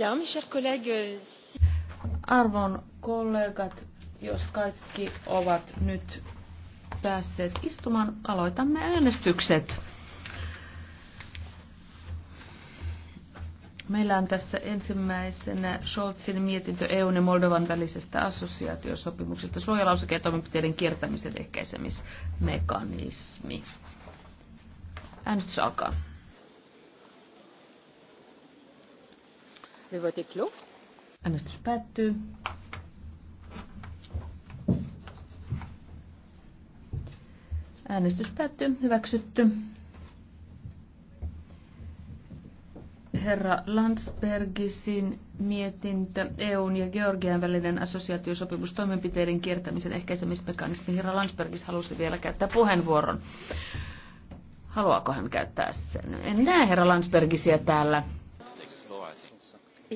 Euh, Arvon kollegat, jos kaikki ovat nyt päässeet istumaan, aloitamme äänestykset. Meillä on tässä ensimmäisenä Scholzin mietintö EUn ja Moldovan välisestä assosiaatiosopimuksesta ja toimenpiteiden kiertämisen ehkäisemismekanismi. Äänestys alkaa. Le vote est clos. Äänestys päättyy. Äänestys päättyy. Hyväksytty. Herra Landsbergisin mietintö EUn ja Georgian välinen assosiaatiosopimus toimenpiteiden kiertämisen ehkäisemismekanismi. Herra Landsbergis halusi vielä käyttää puheenvuoron. Haluaako hän käyttää sen? En näe herra Landsbergisia täällä.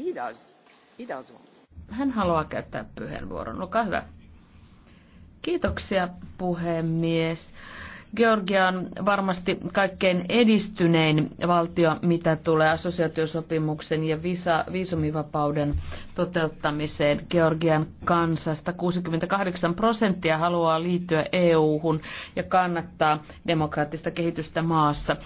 He does. He does want. Hän haluaa käyttää puheenvuoron. Olkaa hyvä. Kiitoksia, puhemies. Georgia on varmasti kaikkein edistynein valtio, mitä tulee assosiaatiosopimuksen ja visa, viisumivapauden toteuttamiseen. Georgian kansasta 68 prosenttia haluaa liittyä EU-hun ja kannattaa demokraattista kehitystä maassa.